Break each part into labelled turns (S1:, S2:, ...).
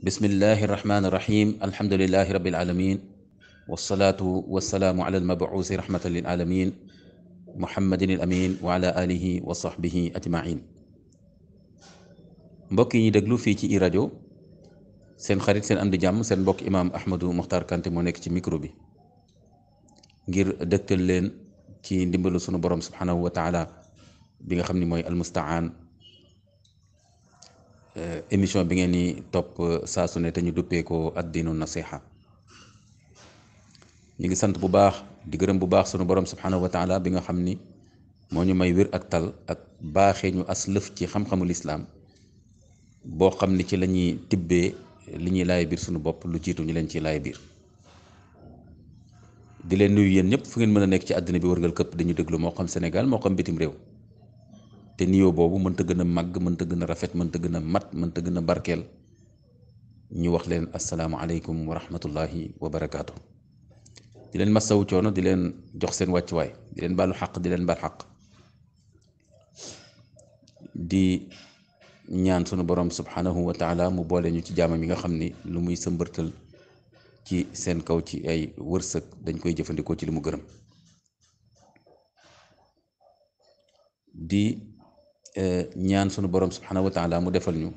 S1: bismillahi irrahmani irrahim alhamdulilahi rabil alamin walsalaatu walsalaamu ala almabuusi rahmatan lil alamin muhammadin al amin wa ala alihi yi ñu déglu fii ci rajo seen xarit seen am jàmm seen mbokk imaam ahmadou moxtar kanté moo nekk ci micro bi ngir leen ci ndimbalu sunu borom subhanahu wa bi nga xam ni mooy almustaan Euh, émission bi ngeen ni topp euh, saasu ne te ñu duppee ko addiinu nasiha ñu ngi sant bu baax di gërëm bu baax sunu borom subhanahu wa bi nga xam ni moo ñu may wér ak tal ak baaxee ñu as lëf ci xam-xamu lislaam boo xam ni ci la ñuy tibbee li ñuy laay biir sunu bopp lu jiitu ñu leen ci laay biir di leen nuyu yéen ñëpp fu ngeen mën a nekk ci àddina bi wërngal këpp dañu déglu moo xam Sénégal moo xam bitim réew. te niyoo boobu mënta gën a màgg mënta gën a rafet mënta gën a mat mënta gën a barkeel ñu wax leen asalaamaaleykum wa rahmatullahi wa di leen masawu coono di leen jox seen wàccuwaay di xaq di leen baal xaq di ñaan sunu borom subhanahu wa taala mu boole ñu ci jaamam yi nga xam ni lu muy sëmbërtal ci seen kaw ci ay wërsëg dañ koy jëfandikoo ci li mu gërëm ñaan sunu borom subhanahu wa taala mu defal ñu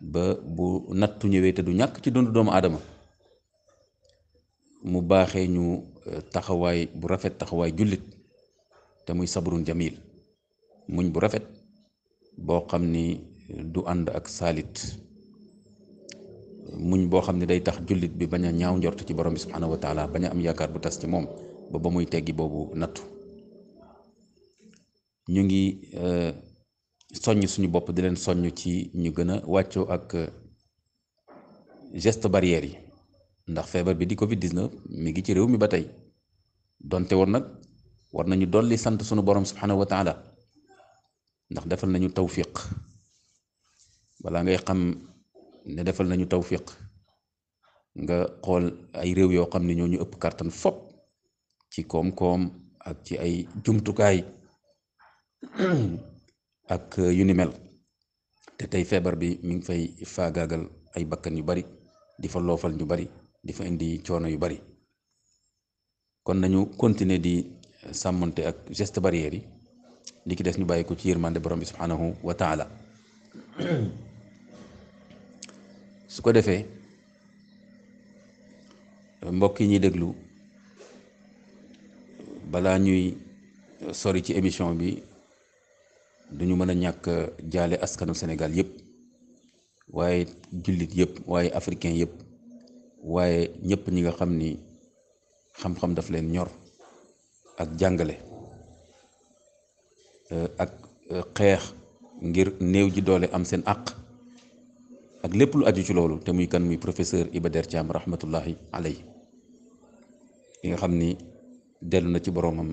S1: ba bu nattu ñëwee te du ñàkk ci dundu doomu aadama mu baaxee ñu euh, taxawaay bu rafet taxawaay jullit te muy sabrun jamil muñ bu rafet boo xam ni du ànd ak saalit muñ boo xam ne day tax jullit bi bañ a ñaaw njort ci borom bi subhanahu wa taala bañ a am yaakaar bu tas ci moom ba ba muy teggi boobu nattu ñu ngi euh, soññ suñu bopp di leen soññ ci ñu gën a wàccoo ak euh, geste barrière yi ndax feebar bi di Covid 19 mi ngi ci réew mi ba tey donte woon nag war nañu dolli sant suñu borom subhanahu wa taala ndax defal nañu tawfiq balaa ngay xam ne defal nañu tawfiq nga xool ay réew yoo xam ne ñoo ñu ëpp kàttan fop ci koom-koom ak ci ay jumtukaay. ak euh, yu ni mel te tey feebar bi mi ngi fay faagaagal ay bakkan yu bari di fa loofal ñu bari di fa indi coono yu bari kon nañu continuer di euh, sàmmante ak geste barrière yi li ki des ñu bàyyi ko ci yërmande borom bi subhanahu wa su ko defee mbokk yi ñuy déglu balaa ñuy euh, sori ci émission bi duñu mën a ñàkk jaale askanu senegal yëpp waaye jullit yëpp waaye africain yëpp waaye ñëpp ñi nga xam ni xam-xam daf leen ñor ak jàngale euh, ak euh, xeex ngir néew ji doole am seen àq ak lépp lu aju ci loolu te muy kan muy professeur Iba Der Thiam rahmatullahi alayhi yi nga xam ni dellu na ci boroomam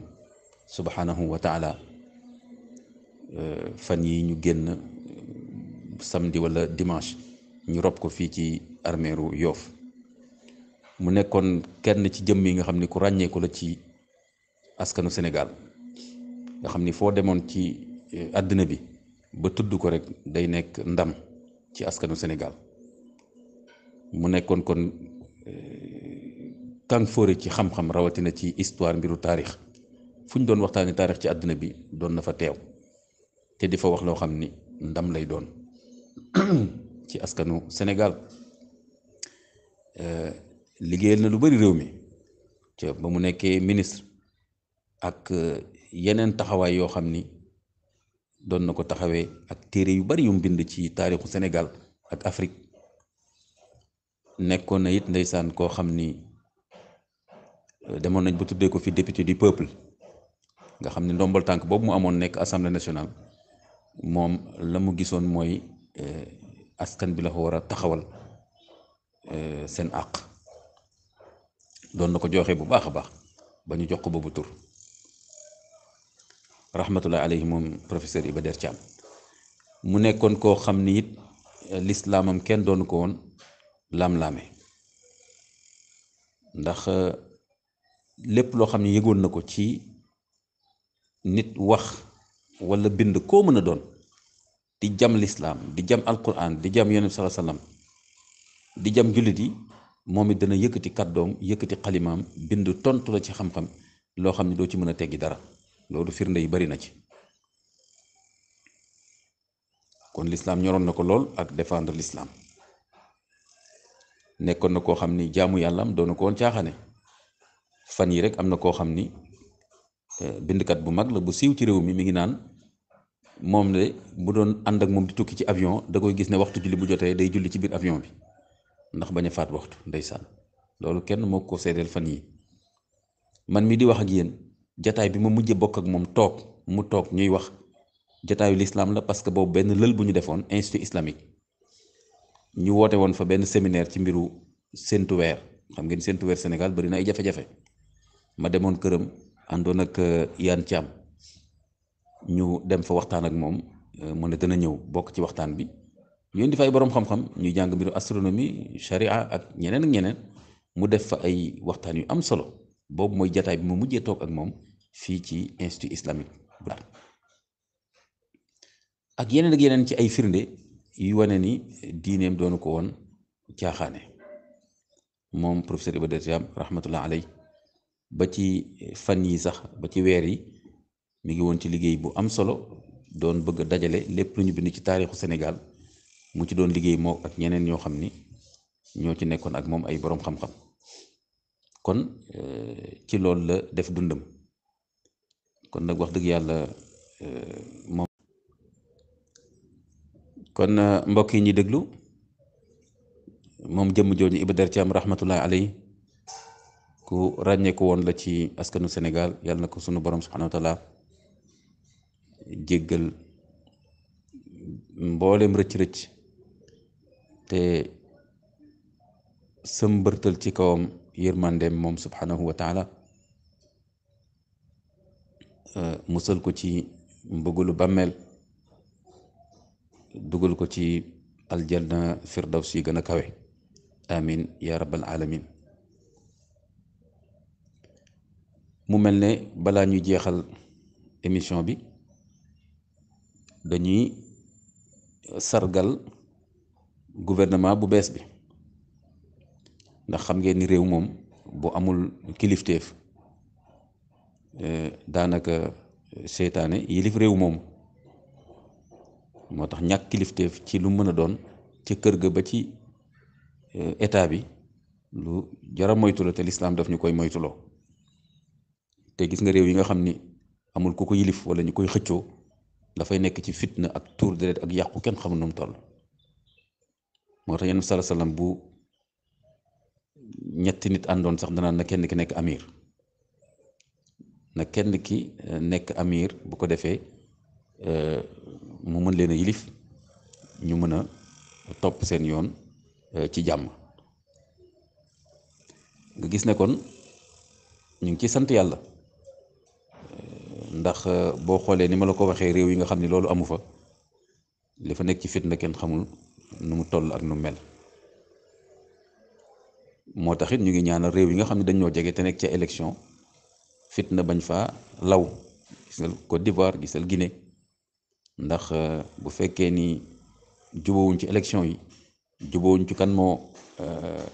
S1: subhanahu wa Euh, fan yi ñu génn euh, samedi wala dimanche ñu rob ko fii ci armeeru yoof mu nekkoon kenn ci jëmm yi nga xam ni ku ràññeeku la ci askanu senegal nga xam ni foo demoon ci euh, àddina bi ba tudd ko rek day nekk ndam ci askanu senegal mu nekkoon kon kàngfóore ci xam-xam rawatina ci histoire mbiru taarix fu ñu doon waxtaanee taarix ci àddina bi doon na fa teew te di fa wax loo xam ni ndam lay doon ci askanu Sénégal euh, liggéeyal na lu bari réew mi ca ba mu nekkee ministre ak euh, yeneen taxawaay yoo xam ni doon na ko taxawee ak téere yu bari yu mu bind ci taarixu Sénégal ak Afrique nekkoon na it ndeysaan koo xam ni euh, demoon nañ ba tuddee ko fi député du peuple nga xam ni ndombal tànk boobu mu amoon nekk assemblée nationale. moom la mu gisoon mooy eh, askan bi la fa war a taxawal eh, seen àq doon na ko joxe bu baax a baax ba ñu jox ko boobu tur rahmatullahi alayhi moom professeur Iba Der Thiam mu nekkoon koo xam ni it eh, lislaamam kenn doonu ko woon laam-laame ndax lépp loo xam ne yëgoon na ko ci nit wax wala bind koo mën a doon di jam lislaam di jam alquran di jam yonent sallallahu di jam jullit yi moom it dana yëkkati kat kàddoom yëkkati xalimaam bind tontu la ci xam-xam loo xam ne doo ci mën a teggi dara loolu firnde yi bari na ci kon lislaam ñoroon na ko lool ak défendre lislaam nekkoon na koo xam ni jaamu yàllaam doon na ko woon caaxaane fan yi rek am na koo xam ni Euh, bindkat bu mag la bu siiw ci réew mi mi ngi naan moom de mu doon ànd ak moom di tukki ci avion da koy gis ne waxtu julli bu jotee day julli ci biir avion bi ndax bañ faat waxtu ndeysaan loolu kenn moo ko seedeel fan yi man mii di wax ak yéen jataay bi ma mujjee bokk ak moom toog mu toog ñuy wax jataayu lislaam la parce que boobu benn lël bu ñu defoon institut islamique ñu woote woon fa benn séminaire ci mbiru séntu weer xam ngeen séntu weer Sénégal bari na ay jafe ma demoon këram. àndoon ak eh, Yann Thiam ñu dem fa waxtaan ak moom eh, mu ne dana ñëw bokk ci waxtaan bi ñu indi fa ay borom xam-xam ñuy jàng mbiru astronomie charia ak ñeneen ak ñeneen mu def fa ay waxtaan yu am solo boobu mooy jataay bi mu mujjee toog ak moom fii ci institut islamique ak yeneen ak yeneen ci ay firnde yu wane ni diineem doonu ko woon caaxaane moom professeur Iba Der Thiam rahmatullah aley ba ci fan yi sax ba ci weer yi mu ngi woon ci liggéey bu am solo doon bëgg dajale lépp lu ñu bind ci taarixu Sénégal mu ci doon liggéey moo ak ñeneen ñoo xam ni ñoo ci nekkoon ak moom ay boroom xam-xam kon eh, ci loolu la def dundam kon nag wax dëgg yàlla eh, moom. kon eh, mbokk yi ñuy déglu moom jëmm jooju Iba Der Thiam rahmatullahi alayhi ku ràññeeku woon la ci askanu senegal yàlla na ko sunu borom subhanahu wa taala jéggal mboolem rëcc-rëcc te sëmbërtal ci kawam yërmandeem moom subhanahu wa euh, musal ko ci mbëggulu bàmmeel dugal ko ci aljanna firdaws yi gën a kawe amin ya rabbal alamin mu mel ne balaa ñuy jeexal émission bi dañuy sargal gouvernement bu bees bi ndax xam ngeen ni réew moom bu amul kilifteef eh, daanaka seytaane yilif réew moom moo tax ñàkk kilifteef ci lu mën a doon ca kër ga ba ci eh, état bi lu jara moytu la te lislaam daf ñu koy moytuloo te gis nga réew yi nga xam ni amul ku ko yilif wala ñu koy xëccoo dafay nekk ci fitna ak tuur deret ak yàqu kenn xamul nu mu toll moo tax yenn sala salaam bu ñetti nit àndoon sax danaan na kenn ki nekk amir na kenn ki eh, nekk amir bu ko defee eh, mu mën leen a yilif ñu mën a topp seen yoon eh, ci jàmm nga gis ne ñu ngi ci sant yàlla ndax euh, boo xoolee ni ma la ko waxee réew yi nga xam ni loolu amu fa li fa nekk ci fitna kenn xamul nu mu toll ak nu mel moo tax it ñu ngi ñaanal réew yi nga xam ne dañoo jege te nekk ca élection fitna bañ fa law gisal Côte d'Ivoire gisal Guinée ndax euh, bu fekkee ni jubóowuñ ci élection yi jubóowuñ ci kan moo euh,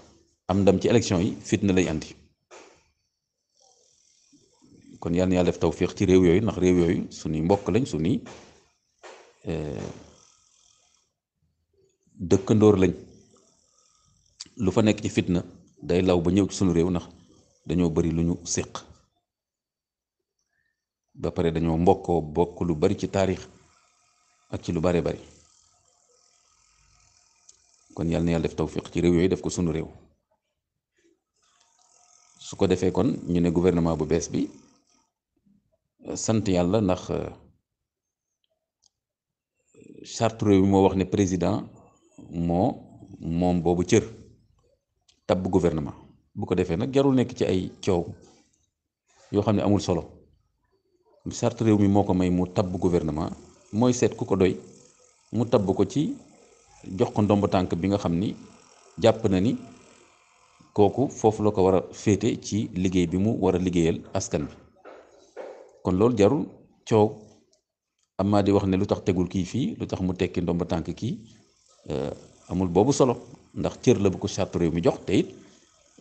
S1: am ndam ci élection yi fitna lay andi. kon yal na yàlla def tawféex ci réew yooyu ndax réew yooyu suñuy mbokk lañ suñuy eh, dëkkandoor lañ lu fa nekk ci fitna day law ba ñëw ci suñu réew ndax dañoo bari lu ñu séq ba pare dañoo mbokkoo bokk lu bari ci taarix ak ci lu bare bari kon yal na yàlla def tawféex ci réew yooyu def ko sunu réew su ko defee kon ñu ne gouvernement bu bees bi sant yàlla ndax euh, charte bi moo wax ne président moo moom boobu cër tabb gouvernement bu ko defee nag jarul nekk ci ay coow yoo xam ne amul solo charte réew mi moo ko may mu tabb gouvernement mooy seet ku ko doy mu tabb ko ci jox ko ndomb tànk bi nga xam ni jàpp na ni kooku foofu la ko war a féete ci liggéey bi mu war a liggéeyal askan bi kon loolu jarul coow amaa di wax ne lu tax tegul kii fii lu tax mu tekki ndomba tànk kii euh, amul boobu solo ndax cër la bu ko charte réew mi jox te it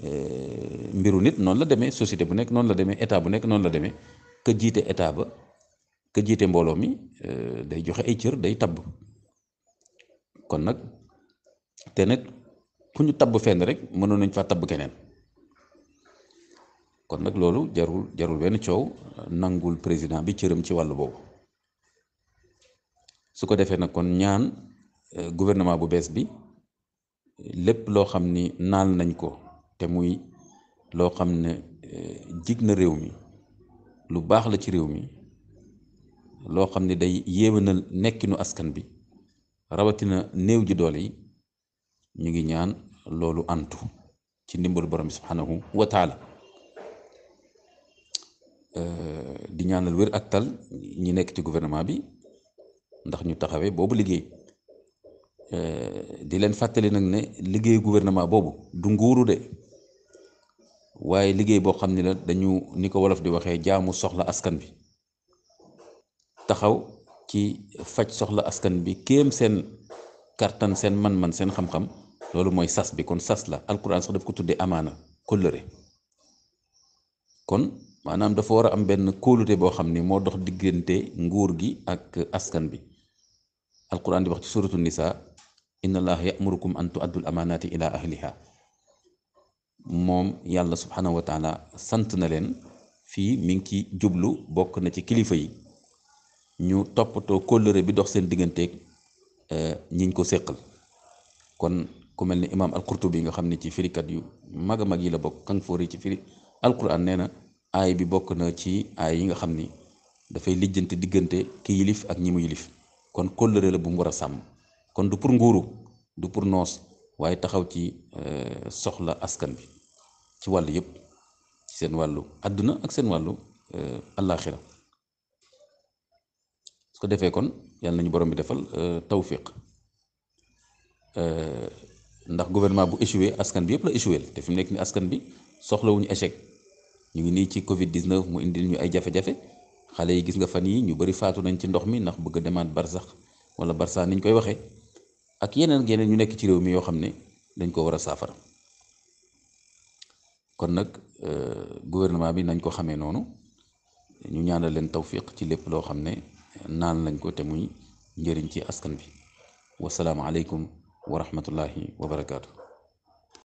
S1: euh, mbiru nit noonu la demee société bu nekk noonu la demee état bu nekk noonu la demee ka jiite état ba ka jiite mbooloo mi euh, day joxe ay cër day tabb kon nag te nag ku ñu tabb fenn rek mënoon nañ faa tabb keneen. kon nag loolu jarul jarul benn coow nangul président bi cëram ci wàllu boobu su ko defee nag kon ñaan euh, gouvernement bu bees bi lépp loo xam ni naal nañ ko te muy loo xam ne euh, jig na réew mi lu baax la ci réew mi loo xam ni day yéwénal nekkinu askan bi rawatina néew ji doole yi ñu ngi ñaan loolu antu ci ndimbalu borom bi subhanahu wa Euh, di ñaanal wér ak tal ñi nekk ci gouvernement bi ndax ñu taxawee boobu liggéey euh, di leen fàttali nag ne liggéey gouvernement boobu du nguuru de waaye liggéey boo xam ni la dañu ni ko wolof di waxee jaamu soxla askan bi taxaw ci faj soxla askan bi kéem seen kartan seen man-man seen xam-xam loolu mooy sas bi kon sas la alquran sax daf ko tuddee amaana kóllëre kon maanaam dafa war a am benn kóolute boo xam ni moo dox diggante nguur gi ak askan bi alquran di wax ci suratu nisa inna allaha yamurukum an tuaddul amaanaati ila ahliha moom yàlla subhanahu sant na leen fii mi ngi ci jublu bokk na ci kilifa yi ñu toppatoo kóllëre bi dox seen digganteeg eh, ñiñ ko séqal kon ku mel ni imaam al qurtubi nga xam ne ci firikat yu mag a mag yi la bokk kan foori ci firi alquran nee na aay bi bokk na ci aay yi nga xam ni dafay lijjante diggante ki yilif ak ñi yilif kon kóllëre la bu mu war a sàmm kon du pour nguuru du pour noos waaye taxaw ci euh, soxla askan bi ci wàll yëpp ci seen wàllu àdduna ak seen wàllu euh, àllaaxira su ko defee kon yàlla nañu borom bi defal euh, tawfiq ndax gouvernement bu échoué askan bi yëpp la échoué te fi mu nekk ni askan bi soxlawuñu échec ñu ngi nii ci Covid 19 mu indi ñu ay jafe-jafe xale yi gis nga fan yi ñu bëri faatu nañ ci ndox mi ndax bëgg a demaat barsax wala barsa niñ koy waxee ak yeneen yeneen ñu nekk ci réew mi yoo xam ne dañ ko war a saafara kon nag euh, gouvernement bi nañ ko xamee noonu ñu ñaanal leen tawfiq ci lépp loo xam ne naan lañ ko te muy njëriñ ci askan bi wasalaamu aleykum wa rahmatullahi wa barakaatu.